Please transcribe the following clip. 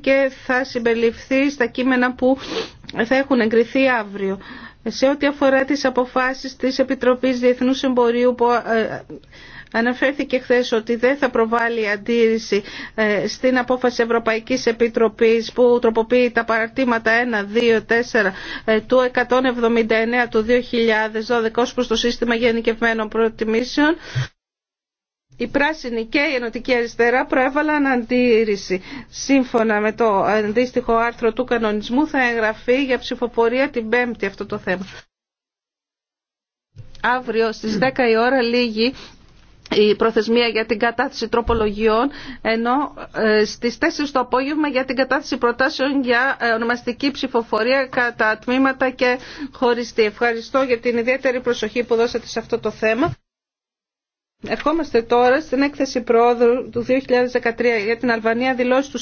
και θα συμπεριληφθεί στα κείμενα που θα έχουν εγκριθεί αύριο. Σε ό,τι αφορά τις αποφάσεις της Επιτροπής Διεθνούς Εμπορίου που ε, αναφέρθηκε χθε ότι δεν θα προβάλλει αντίρρηση ε, στην απόφαση Ευρωπαϊκής Επιτροπής που τροποποιεί τα παρατήματα 1, 2, 4 του 179 του 2012 ως προς το σύστημα γενικευμένων προτιμήσεων η πράσινη και η ενωτική αριστερά προέβαλαν αντίρρηση. Σύμφωνα με το αντίστοιχο άρθρο του κανονισμού θα εγγραφεί για ψηφοφορία την Πέμπτη αυτό το θέμα. Αύριο στις 10 η ώρα λίγη η προθεσμία για την κατάθεση τροπολογιών, ενώ ε, στις 4 το απόγευμα για την κατάθεση προτάσεων για ε, ονομαστική ψηφοφορία κατά τμήματα και χωριστή. Ευχαριστώ για την ιδιαίτερη προσοχή που δώσατε σε αυτό το θέμα. Ερχόμαστε τώρα στην έκθεση πρόοδου του 2013 για την Αλβανία δηλώσει του